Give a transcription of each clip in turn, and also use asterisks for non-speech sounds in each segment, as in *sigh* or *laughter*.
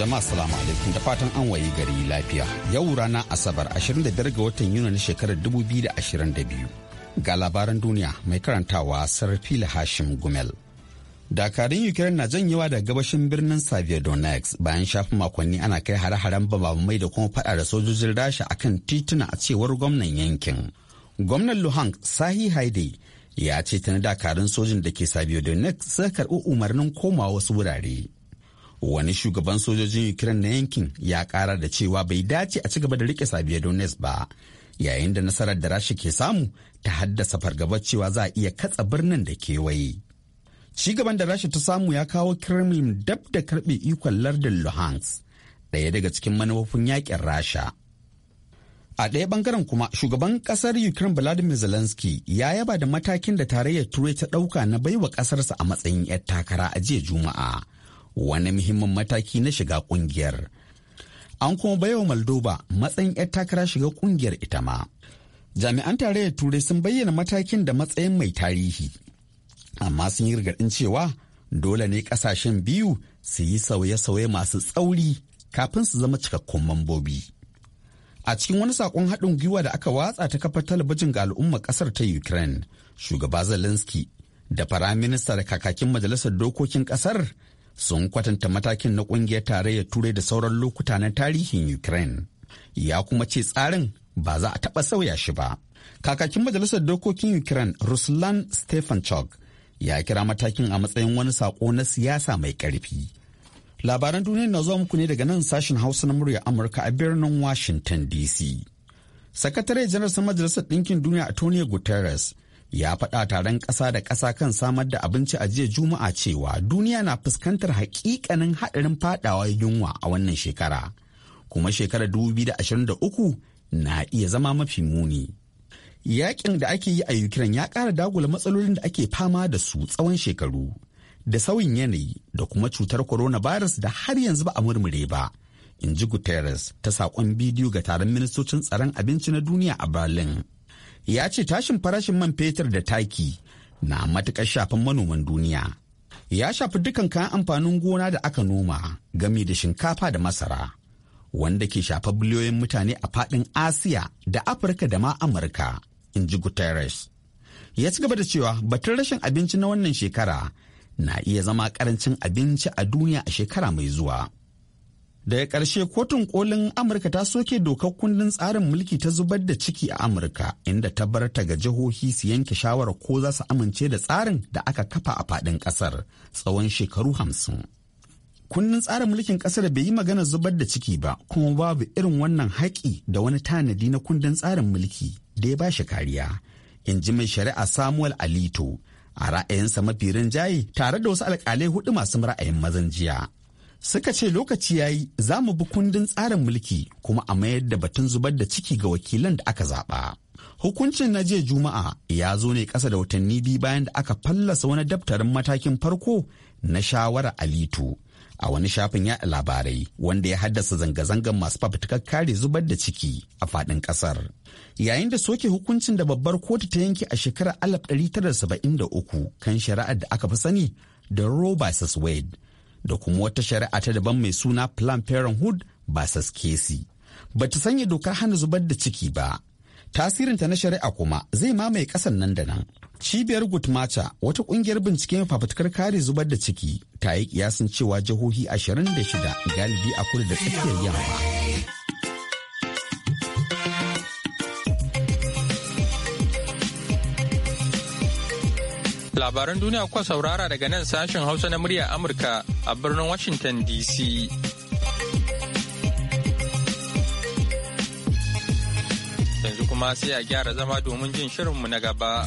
jama'a assalamu alaikum da fatan an wayi gari lafiya. Yau rana Asabar 25 ga watan Yuni na shekarar 2022. Ga labaran duniya mai karantawa Sarfila Hashim Gumel. Dakarun Ukraine na janyewa da gabashin birnin Saviodonex bayan shafin makonni ana kai hare-haren babamai da kuma fada da sojojin Rasha akan tituna a cewar gwamnan yankin. Gwamnan Luhansk Sahi Haide ya ce ta na dakarun sojin da ke Saviodonex suka karɓi umarnin komawa wasu wurare. wani shugaban sojojin ukraine na yankin ya kara da cewa bai dace a ci gaba da rike sabiya donetsk ba yayin da nasarar da rasha ke samu ta haddasa fargabar cewa za a iya katsa birnin da kewaye ci gaban da rasha ta samu ya kawo kremlin dab da karbe ikon lardin luhansk ɗaya daga cikin manufofin yakin rasha a ɗaya bangaren kuma shugaban ƙasar ukraine vladimir zelensky ya yaba da matakin da tarayyar turai ta ɗauka na baiwa ƙasarsa a matsayin 'yar takara a jiya juma'a wani muhimmin mataki na shiga kungiyar. An kuma baiwa Moldova matsayin 'yar takara shiga kungiyar ita ma. Jami'an tarayyar Turai sun bayyana matakin da matsayin mai tarihi. Amma sun yi gargaɗin cewa dole ne ƙasashen biyu su yi sauye-sauye masu tsauri kafin su zama cikakkun mambobi. A cikin wani saƙon haɗin gwiwa da aka watsa ta kafa talabijin ga al'umma ƙasar ta Ukraine, shugaba Zelensky da firaminista da kakakin majalisar dokokin ƙasar sun kwatanta matakin na kungiyar tarayyar turai da sauran lokuta na tarihin ukraine ya kuma ce tsarin ba za a taɓa sauya shi ba kakakin majalisar dokokin ukraine ruslan stefanchuk ya kira matakin a matsayin wani sako na siyasa mai karfi labaran duniya na zuwa muku ne daga nan sashen hausa na murya amurka a birnin washington dc sakatare janar majalisar ɗinkin duniya a Tony guterres ya faɗa taron ƙasa da ƙasa kan samar da abinci a jiya juma'a cewa duniya na fuskantar haƙiƙanin haɗarin faɗawa yunwa a wannan shekara kuma shekara da uku na iya zama mafi muni yakin da ake yi a ukraine ya ƙara dagula matsalolin da ake fama da su tsawon shekaru da sauyin yanayi da kuma cutar coronavirus da har yanzu ba a murmure ba in ji guterres ta saƙon bidiyo ga taron ministocin tsaron abinci na duniya a berlin ya ce tashin farashin man fetur da taki na matuƙar shafin manoman duniya. Ya shafi dukan kayan amfanin gona da aka noma gami da shinkafa da masara, wanda ke shafa biliyoyin mutane a faɗin Asiya da Afirka da ma Amurka, in ji Guterres. Ya ci gaba da cewa batun rashin abinci na wannan shekara na iya zama ƙarancin abinci a duniya a shekara mai zuwa. daga ƙarshe kotun kolin amurka ta soke dokar kundin tsarin mulki ta zubar da ciki a amurka inda ta bar ta ga jihohi su yanke shawarar ko za su amince da tsarin da aka kafa a faɗin ƙasar tsawon shekaru hamsin kundin tsarin mulkin ƙasar bai yi magana zubar da ciki ba kuma babu irin wannan haƙi da wani tanadi na kundin tsarin mulki da ya ba shi kariya in ji mai shari'a samuel alito a ra'ayinsa mafi rinjaye tare da wasu alƙalai hudu masu ra'ayin mazan jiya suka ce lokaci ya yi za mu bi kundin tsarin mulki kuma a mayar da batun zubar da ciki ga wakilan da aka zaɓa. Hukuncin na jiya Juma'a ya zo ne ƙasa da watanni biyu bayan da aka fallasa wani daftarin matakin farko na shawara Alitu a wani shafin yaɗa labarai wanda ya haddasa zanga-zangar masu fafutukar kare zubar da ciki a faɗin ƙasar. Yayin da soke hukuncin da babbar kotu ta yanke a shekarar 1973 kan shari'ar da aka fi sani da Roe vs. Wade da kuma wata shari'a ta daban mai suna Planned Parenthood ba saskesi. Ba ta sanya dokar hana zubar da ciki ba. Tasirinta na shari'a kuma zai mamaye kasan nan da nan. Cibiyar Gutmacha wata kungiyar binciken fafutukar kare zubar da ciki ta yi kiyasin cewa jihohi ashirin da shida galibi a kudu da tsakiyar yamma. Labaran duniya kuwa saurara daga nan sashen Hausa na muryar Amurka a birnin Washington DC. Yanzu kuma sai a gyara zama domin jin shirinmu na gaba.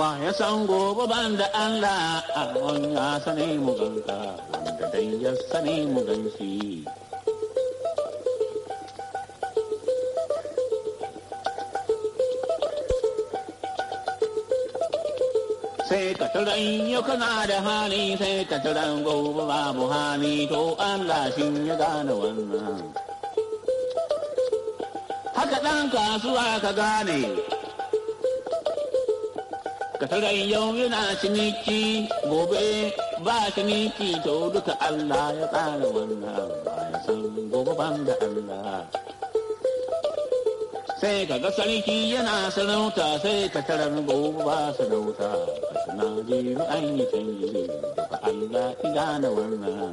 wa ya san gobe ban da Allah an ya sani mu ganka wanda dai ya sani mu ganshi sai ka turan ya kana da hali sai ka turan gobe babu hali to Allah shi ya gane wannan haka ɗan kasuwa ka gane ka tarayin yau yana ciniki gobe ba ciniki to duka Allah ya tsara wannan ya san gobe ban da Allah. Sai ka ga sarki yana sarauta sai ka tarar gobe ba sarauta ka suna jiru an yi canji duka Allah ya gane wannan.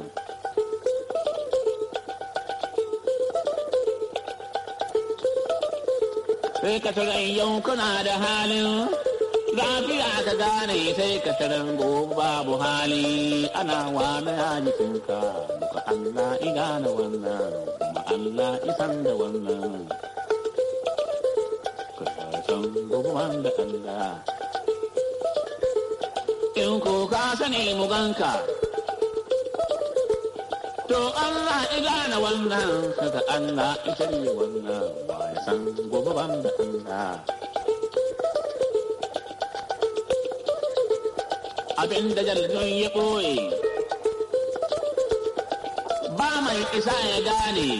Sai ka tarayin yau kana da halin Lafiya ka gane sai ka tarin babu hali ana na yaji jikinka muka Allah ina na wannan kuma Allah isan da wannan. Kasan guguman da Allah. In ko ka sani mu muganka To Allah ina na wannan, kaga Allah isan da wannan, wa ya san guguman da Allah. abin da jaridun ya ɓoye. Ba mai isa ya gane.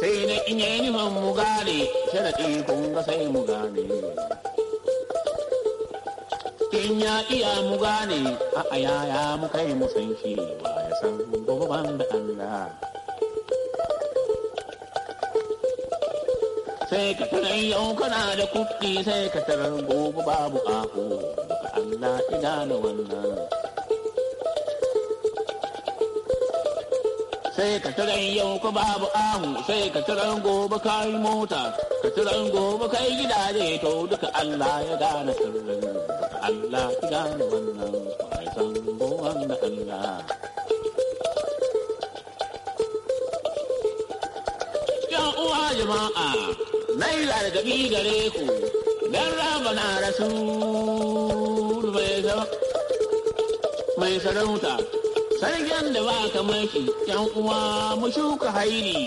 Sai na inye nufin mu gane, sharaɗi kun ga sai mu gane. In ya iya mu gane, a ya mu kai mu san shi ba ya san gobe da Allah. sai ka tarai yau kana da kuɗi sai ka tarar gobe babu ahu daga Allah ina da wannan sai ka tarai yau ka babu ahu sai ka tarar gobe kai mota ka tarar gobe kai gidaje to duka Allah ya gane sirrin Allah ina gane wannan mai san gowan da Allah ya uwa jama'a Nai gargaɗi gare ku, don na rasu mai sarauta, sargen da ba kamar shi, ‘yan uwa mu shuka hairi.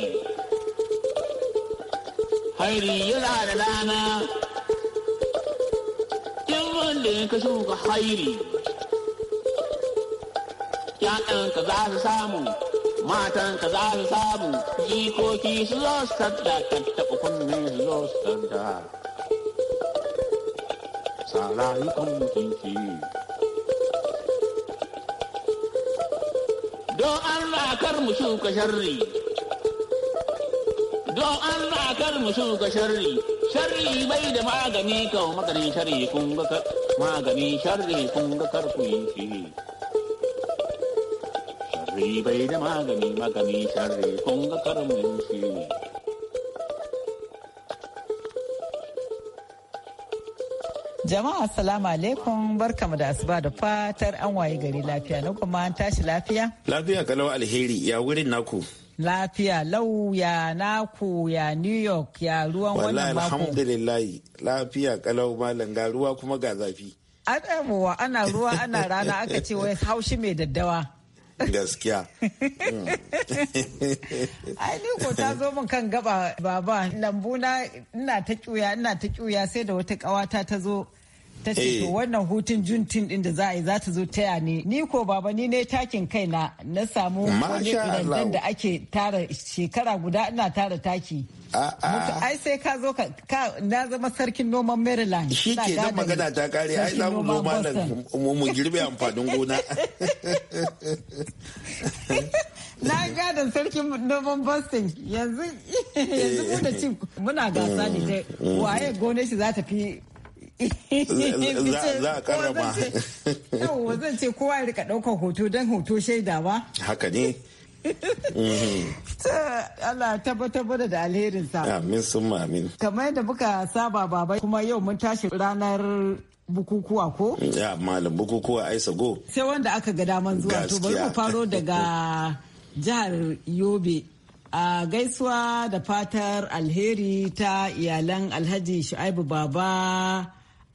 Hairi yana da rana, ‘yan wanda ya ka shuka hairi, ka za su samu. matan ka za su samu jikoki su zo su tadda tattaɓa kunnen su zo su tadda sarayukan mutunci don Allah kar mu shuka sharri don Allah kar mu shuka sharri sharri bai da magani kawo maganin sharri kun ga magani sharri kun ga yin yi sharri bai da magani magani sharri kun ga karamin shi ne Jama'a assalamu alaikum barkamu da asuba da fatar an waye gari lafiya na kuma an tashi lafiya? Lafiya kalau alheri ya wurin naku. Lafiya lau ya naku ya New York ya ruwan wannan mako. Wallahi lafiya kalau malam ga ruwa kuma ga zafi. An ana ruwa ana rana aka ce wai haushi mai daddawa. gaskiya ai ni ko ta zo min kan gaba baba lambu na ina ta cuya ina ta cuya sai da wata kawata ta zo ta ce eh. to wannan hutun juntin din da za a yi za ta zo taya ne ni ko baba ni ne takin kaina na samu wani da ake tara shekara guda ina tara taki ai sai ka zo ka na zama sarkin noman maryland shi ke nan magana ta kare ai za mu noma nan mu girbe amfanin gona *laughs* na gadon sarkin noman boston yanzu *laughs* yanzu muna gasa ne mm, mm. waye gone shi za ta fi za a karrama yawwa zan ce kowa ya rika ɗaukar hoto don hoto shaidawa haka ne *laughs* Allah tabbatar da alherinsa. Amin sun amin. Kamar yadda muka saba baba kuma yau mun tashi ranar bukukuwa ko? Ya malam bukukuwa aisa go. Sai wanda aka ga daman zuwa to bari mu faro daga jihar Yobe. A gaisuwa da fatar alheri ta iyalan Alhaji Shu'aibu Baba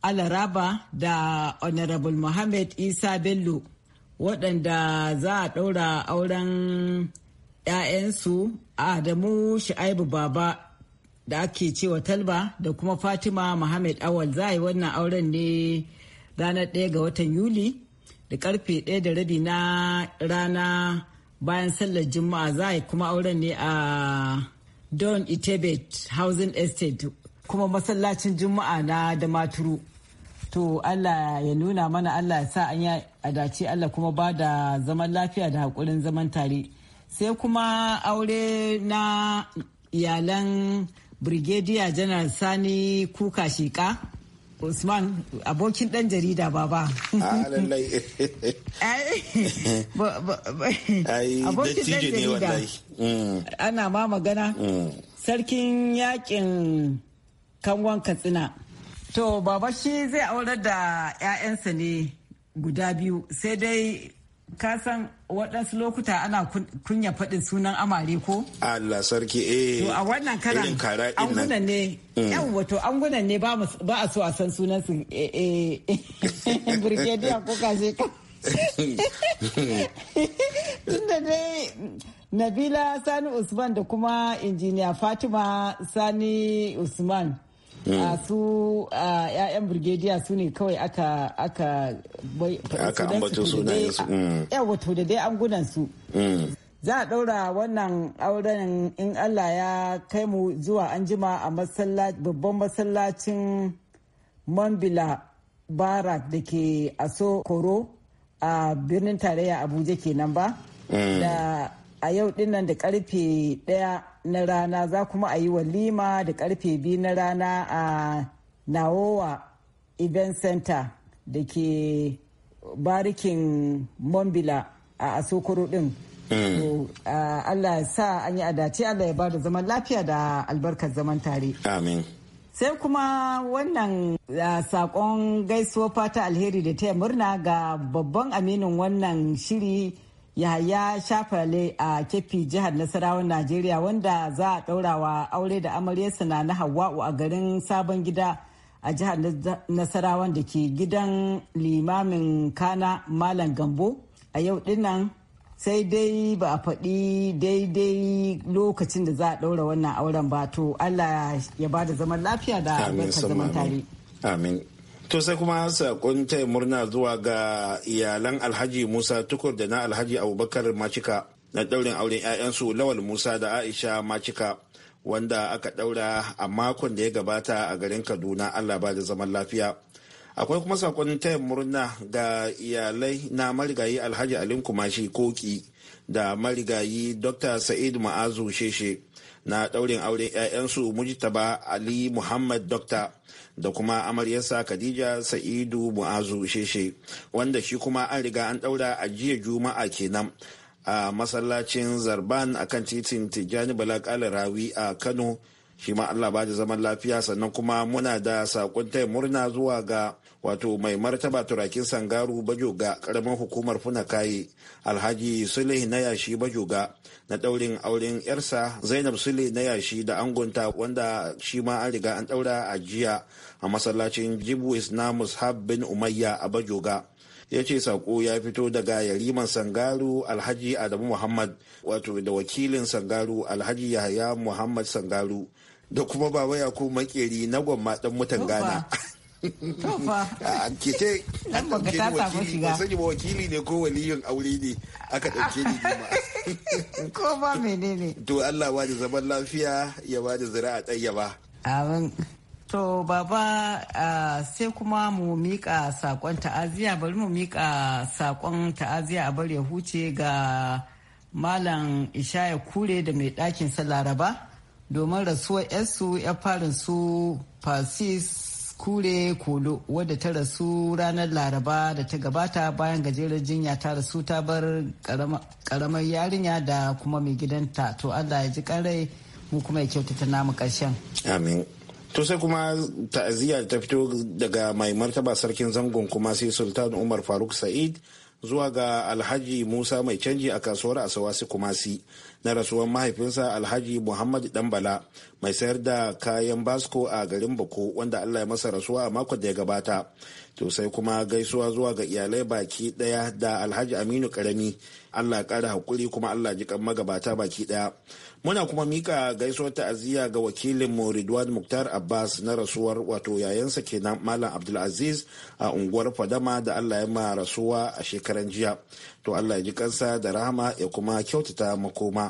alaraba da honorable mohammed isa bello waɗanda za a ɗaura auren 'ya'yansu adamu Shu'aibu baba da ake cewa talba da kuma fatima mohammed awal za a yi wannan auren ne ranar ɗaya ga watan yuli da karfe ɗaya da rabi na rana bayan sallar juma'a za a yi kuma auren ne a don itebet housing estate kuma masallacin juma'a na da maturu to allah ya nuna mana allah ya sa an ya dace allah kuma ba da zaman lafiya da haƙurin zaman tare sai kuma aure na iyalan brigadier General sani kuka shika Usman abokin dan jarida baba. Ah, *laughs* abokin dan jarida. Mm. Ana ma magana. Mm. Sarkin yakin kangon katsina to baba shi zai aurar da 'ya'yansa ne guda biyu sai dai ka san waɗansu lokuta ana kunya faɗin sunan amare ko? Allah sarki eh. To a wannan karan anguna ne mm. yan wato anguna ne ba a so a san sunan su eh eh *laughs* brigadier ko kashe ka. *laughs* Tunda dai Nabila Sani Usman da kuma injiniya Fatima Sani Usman. Mm. su ‘ya'yan Birgediya su ne kawai aka aka ambato sunayen su. wato da dai an gudan su. Za a ɗaura wannan auren in Allah ya kai mu zuwa anjima a babban masallacin Mambila Barak da ke Aso Koro a birnin tarayya Abuja kenan ba. Mm. Da a yau dinnan da karfe daya na rana za kuma a yi walima da karfe biyu na rana a nawowa event center da ke barikin mombila a asokoro din mm. Allah ya sa an yi adace Allah ya bada zaman lafiya da albarkar zaman tare. Amin. Sai kuma wannan sakon gaisuwa fata alheri da yi murna ga babban aminin wannan shiri yaya shafale a kefi jihar nasarawan najeriya wanda za a ɗaurawa aure da amaryarsa na na hawa'u a garin sabon gida a jihar nasarawan da ke gidan limamin kana malam gambo a yau dinnan sai dai ba a faɗi daidai lokacin da za a ɗaura wannan auren ba to allah ya ba da zaman lafiya da zaman tare amin To sai kuma sakon taya murna zuwa ga iyalan Alhaji Musa Tukur da na Alhaji Abubakar Macika na daurin auren 'ya'yansu Lawal Musa da Aisha Macika wanda aka daura a makon da ya gabata a garin Kaduna Allah ba da zaman lafiya. Akwai kuma sakon taya murna ga iyalai na marigayi Alhaji Alin Kumashi Koki da marigayi Dr. Sa'id Ma'azu Sheshe na ɗaurin auren 'ya'yansu mujtaba ali muhammad dokta da kuma amaryarsa khadija sa'idu mu'azu sheshe wanda shi kuma an riga an ɗaura a jiya juma'a kenan a masallacin zarban kan titin tijjani balakal rawi a kano shi ma Allah ba da zaman lafiya sannan kuma muna da sakon taya murna zuwa ga wato mai martaba turakin sangaru bajoga karamin hukumar funakayi alhaji Sulih na yashi bajoga na daurin auren yarsa zainab Sulih na yashi da angonta wanda shi ma an riga an daura a jiya a masallacin jibwis na mushab bin umayya a bajoga ya ce sako ya fito daga yariman sangaru alhaji adamu muhammad wato da wakilin sangaru alhaji yahaya muhammad sangaru da kuma ba waya ko makeri na gwamma dan mutan ghana *laughs* ah, ke ce an ɗauke ni wakili ba sani ba wakili ne ko waliyin aure ne aka ɗauke ni *laughs* ma ko ba menene to Allah ba da zaman lafiya ya ba da zira'a ɗayyaba amin to baba ah, sai kuma mu mika saƙon ta'aziya bari mu mika saƙon ta'aziya a bar ya huce ga malam ishaya kure da mai ɗakin sa laraba domin rasuwar yarsu ya farin su fasis kure kolo wadda ta rasu ranar laraba da ta gabata bayan gajeren jinya ta rasu ta bar karamar yarinya da kuma mai gidanta to allah ya ji karai mu kuma ya kyautata namu karshen amin to sai kuma ta'aziyya ta fito daga mai martaba sarkin zangon kuma sai sultan umar faruk sa'id zuwa ga alhaji musa mai canji a kasuwar asawasi kumasi na rasuwar mahaifinsa alhaji muhammad dambala mai sayar da kayan basko a garin bako wanda allah ya masa rasuwa a makon da ya gabata to sai kuma gaisuwa zuwa ga iyalai baki daya da alhaji aminu karami allah kara hakuri kuma allah ji kan magabata baki daya muna kuma mika gaisuwar ta'aziyya ga wakilin mu ridwan muktar abbas na rasuwar wato yayansa kenan malam abdulaziz a unguwar fadama da allah ya ma rasuwa a shekaran jiya to allah ya ji kansa da rahama ya kuma kyautata makoma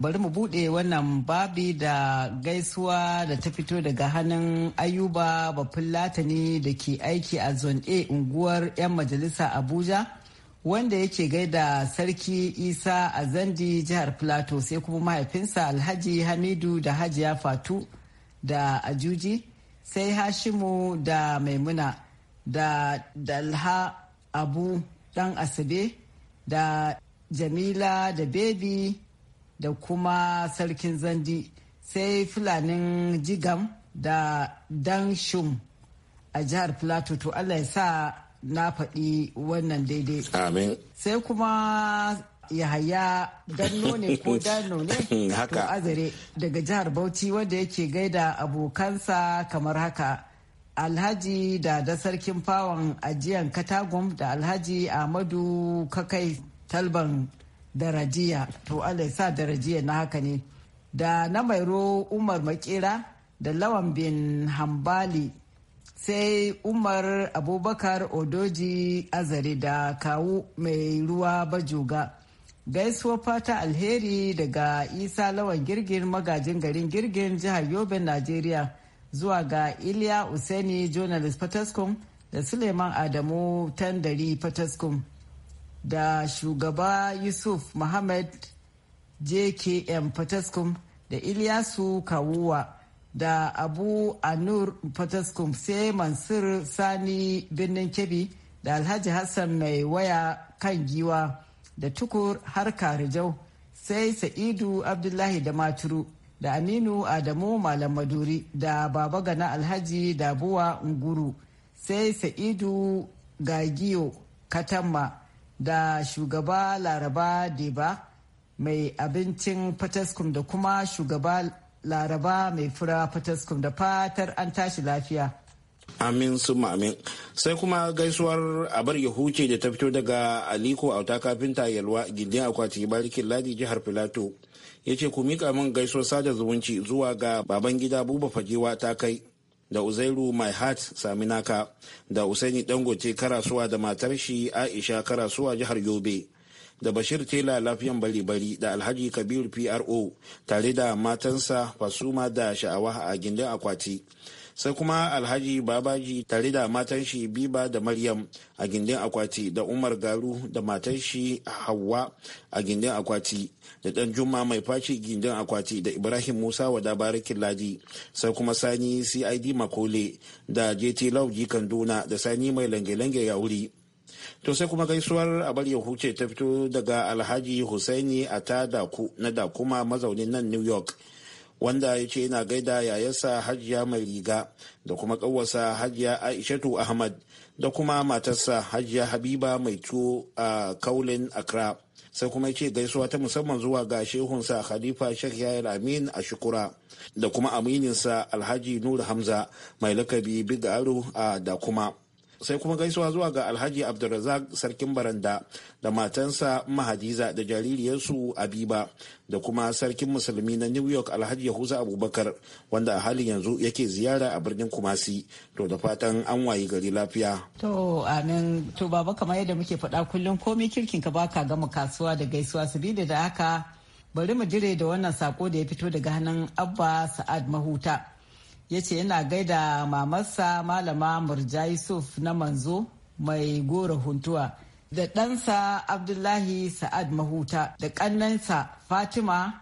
bari mu buɗe wannan babi da gaisuwa da ta fito daga hannun ayuba bafin latani da ke aiki a zone a unguwar 'yan majalisa abuja wanda yake gaida sarki isa a zandi jihar plateau sai kuma mahaifinsa alhaji hamidu da hajiya fatu da ajuji sai hashimu da maimuna da dalha abu dan asabe da jamila da bebi da kuma sarkin zandi sai fulanin jigam da dan danshum a jihar plateau to allah ya sa na faɗi wannan daidai amin sai kuma yahaya danno ne ko *laughs* dan ne haka azare daga jihar bauchi wanda yake gaida abokansa kamar haka alhaji da da sarkin fawon ajiyan katagum da alhaji ahmadu kakai talban darajiya to allah ya sa darajiya na haka ne da na mairo umar makera da lawan bin hambali sai umar abubakar odoji azare da kawu mai ruwa bajoga gaisuwa fata alheri daga isa lawan girgin magajin garin girgin jihar yobe najeriya zuwa ga iliya useni journalist fataskum da suleiman adamu tandari fataskum da shugaba yusuf muhammad jkm fataskum da ilyasu kawuwa da abu anur fataskum sai mansur sani birnin kebbi da alhaji hassan mai waya kan giwa da tukur har karijau sai sa'idu abdullahi da maturu da aminu adamu malam maduri da baba gana alhaji dabuwa nguru sai sa'idu gagiyo katamma da shugaba laraba deba mai abincin fataskum da kuma shugaba laraba mai fura fataskum da fatar an tashi lafiya amin su amin sai kuma gaisuwar abar yahuce da ta fito daga aliko auta kafinta yalwa gindin akwati barikin ladi jihar filato ya ce ku mika min gaisuwar sada zumunci zuwa ga baban gida buba fagewa ta kai da uzairu my heart saminaka da usaini dangote karasuwa da matar shi aisha karasuwa jihar yobe da bashir tela lafiyan bali bali da alhaji kabir pro tare da matansa fasuma da sha'awa a gindin akwati sai kuma alhaji babaji tare da matan shi biba da maryam a gindin akwati da umar garu da matan shi hawa a gindin akwati da dan juma mai faci gindin akwati da ibrahim musa wada barikin ladi sai kuma sani cid makole da jt lauji kanduna da sani mai lange-lange ya wuri to sai kuma gaisuwar a bar ya ta fito daga alhaji husaini a ta daku na dakuma mazaunin nan new york wanda ya ce yana gaida yayarsa hajiya mai riga da kuma ƙawarsa hajiya aishatu ahmad da kuma matarsa hajiya habiba mai tuwo a kaulin accra sai kuma ya ce gaisuwa ta musamman zuwa ga shehunsa khalifa sheikh yayar amin a shukura da kuma amininsa alhaji nur hamza mai lakabi bigaru a da kuma sai kuma gaisuwa zuwa ga alhaji abdulrazak sarkin baranda da matansa mahadiza da jaririyarsu abiba da kuma sarkin musulmi na new york alhaji yahuza abubakar wanda a halin yanzu yake ziyara a birnin kumasi to da fatan an wayi gari lafiya to amin to baba kamar yadda muke faɗa kullum komai kirkin ka baka gama kasuwa da gaisuwa sabida da haka bari mu jire da wannan sako da ya fito daga hannun abba sa'ad mahuta ya ce yana gaida mamarsa malama murja yusuf na manzo mai gora huntuwa da ɗansa abdullahi sa'ad mahuta da ƙannansa fatima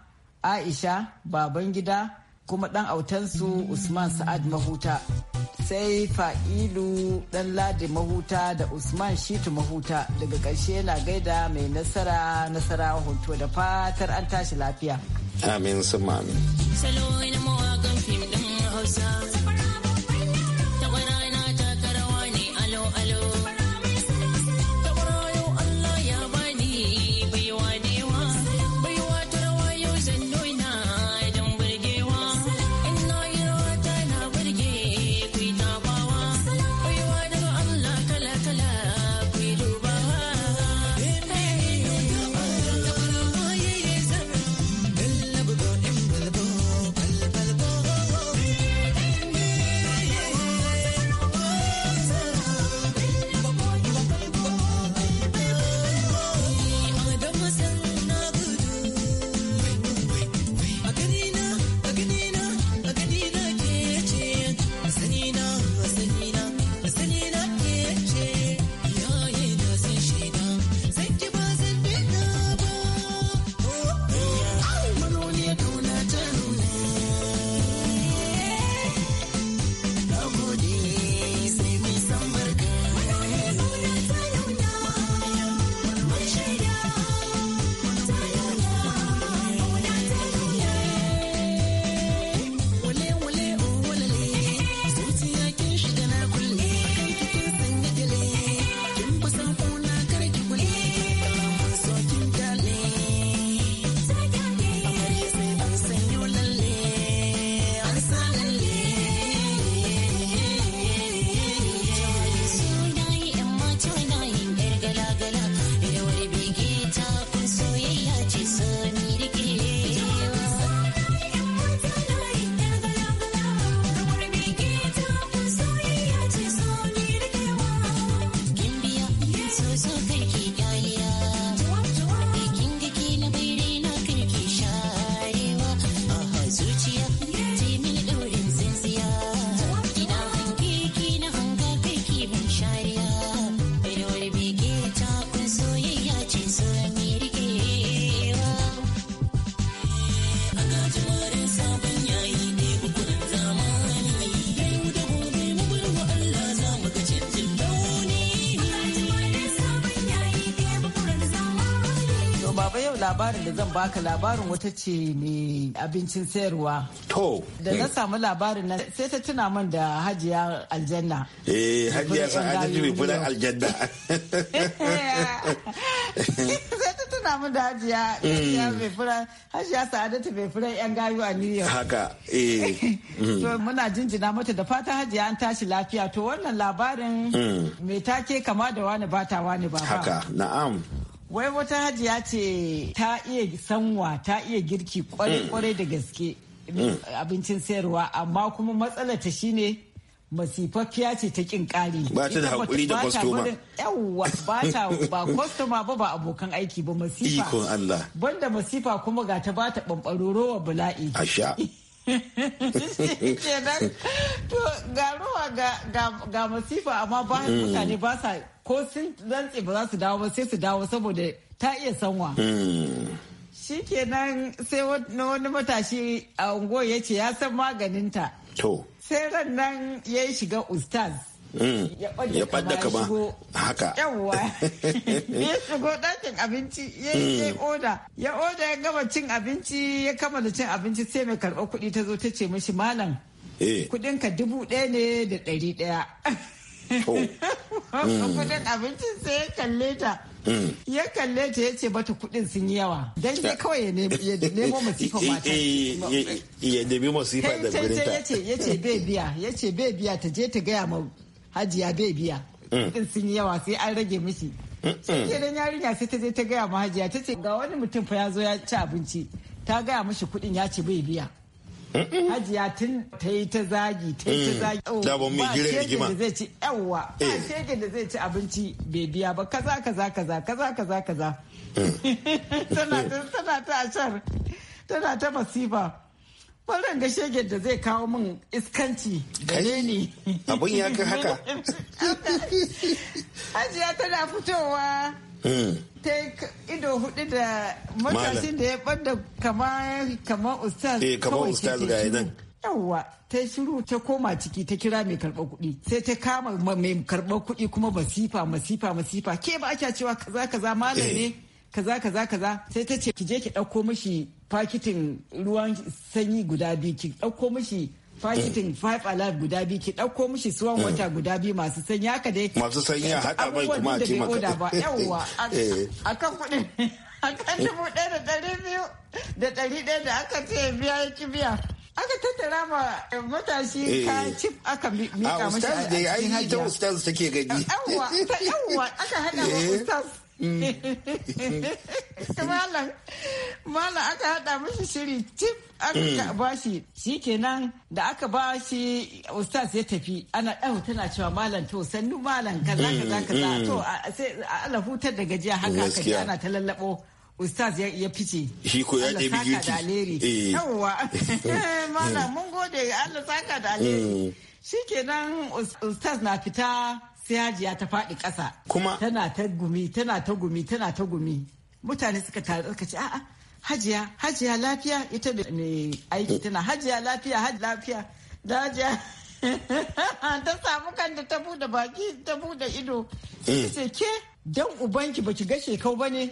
aisha babangida kuma ɗan autansu usman sa'ad mahuta sai fa'ilu ɗan ladi mahuta da usman shitu mahuta daga ƙarshe yana gaida mai nasara nasara hunto da fatar an tashi lafiya amin sun amin casa. labarin da zan baka labarin wata ce ne abincin sayarwa. To. Da na eh. samu labarin nan sai ta tuna min da hajiya aljanna. Eh hajiya sa hajiya mai bulan aljanna. *laughs* Sai ta tuna min da hajiya mm. mai fulan hajiya sa'adatu mai fulan yan gayu a New York. Haka eh. *laughs* To mm. muna jinjina mata da fata hajiya an tashi lafiya to wannan labarin mm. mai take kama da wani bata wani ba. Haka na'am. wai wata hajiya ce ta iya sanwa ta iya girki kwarai-kwarai mm. da gaske mm. abincin sayarwa amma kuma matsalata shine masifaffiya ce ta kin kari ba ta da hakuri da kwastoma yawwa ba ta ba kwastoma ba ba abokan aiki ba masifa ikon Allah banda masifa kuma ga ta ba ta bambarorowa bala'i *laughs* to ga ruwa ga masifa amma ba mm. mutane ba sa ko sun zantse ba za su dawo ba sai su dawo saboda ta iya sanwa mm. shi kenan sai wani matashi a unguwa ya ce ya san maganinta to sai ran nan ya shiga ustaz ya fadda kama haka yawwa *laughs* *laughs* ya shigo ɗakin abinci ya yi mm. oda ya oda ya gama cin abinci ya kammala cin abinci sai mai karɓar kuɗi ta zo ta ce mishi malam eh. kuɗinka dubu ɗaya ne da ɗari ɗaya *laughs* kuɗin mm. abincin sai ya kalle ta mm. ya kalle ta ya ce bata kuɗin sun yi yawa don shi kawai ya nemo masifa eh, mata eh, ya nemi masifa da gurin ta ya ce bai biya ya ce bai biya ta je ta gaya ma hajiya bai biya mm. in sun yi yawa sai an rage mishi ke yarinya sai ta je ta gaya ma hajiya ta ce ga wani mutum fa ya zo ya ci abinci ta gaya mishi kudin ya ce bai biya hajiya tun ta yi ta zagi ta yi ta mm. zagi oh, ba shege da zai ci yawwa ba eh. shege da zai ci abinci bai biya ba kaza kaza kaza kaza kaza kaza mm. *laughs* tana ta ashar tana ta masifa Wannan ga shege da zai kawo min iskanci da ne. Abun ya kai haka. *laughs* Hajiya tana fitowa hmm. ta ido hudu da matashin da ya bada kama ustaz. Eh kama ustaz ga nan. yawwa ta shiru ta koma ciki ta kira mai karɓar kuɗi sai ta kama mai karɓar kuɗi kuma masifa masifa masifa ke ba cewa kaza kaza malam ne eh. kaza kaza kaza sai ta ce ki je ki ɗauko mishi fakitin ruwan sanyi guda biyu ki ɗauko mishi fakitin five alert guda biyu ki ɗauko mishi suwan wata guda biyu masu sanyi haka dai masu sanyi a haɗa mai kuma a ba yawwa *laughs* eh. a kan kuɗin *laughs* a kan dubu ɗaya da ɗari biyu da ɗari ɗaya da aka ce biya ya ki biya aka tattara ma matashi eh. ka cif aka miƙa ah, mashi a cikin hajiya. A ustaz ya yi ta ustaz take gani. Yawwa aka haɗa ma *laughs* eh. ustaz. malam malam aka hada mashi shiri tip aka ba shi shikenan da aka ba shi ustaz ya tafi ana ɗau tana cewa malam to sannu malam za ka za to sai ala hutar da gajiya haka ji ana ta lallabo ustaz ya fice shi ko ya ɗebi girki eh. yawwa *laughs* eh, malam mun gode Allah saka da mm. shi shikenan ustaz na fita sai hajiya ta faɗi ƙasa kuma tana ta gumi tana ta gumi tana ta gumi mutane suka tare suka ce a'a hajiya hajiya lafiya ita mai aiki tana hajiya lafiya hajiya lafiya da hajiya *laughs* ta samu kanta ta bude baki ta bude ido eh. ce ke dan ubanki baki ga shekau ba ne *laughs*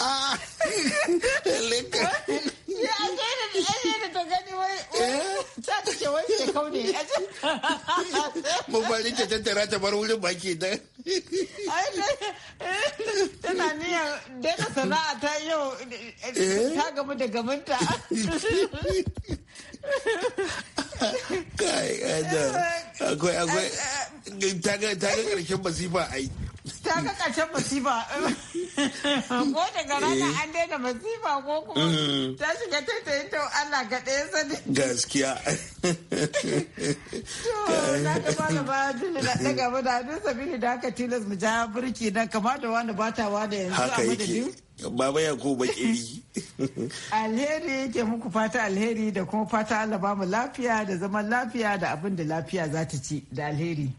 ah, *laughs* gani za ta ce wai ke kaune mu bari ta tattara ta bar wurin baki da tana niyan daina sana'a ta yau eh? ta gamu da gamanta kai akwai akwai ta ga karshen masifa ai ta ga ƙarshen masifa ko daga rana eh. an daina masifa ko kuma mm. ta shiga ta ta yi Allah ga ɗaya sani gaskiya *laughs* to na ga bala ba dole daga mu da duk sabili da aka tilas mu ja burki na kama da wani batawa da yanzu a madadin Baba Yakubu Bakiri. *laughs* alheri yake muku fata alheri da kuma fata Allah ba mu lafiya da zaman lafiya da abin da lafiya za ta ci da alheri.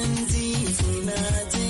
hanzi suna jin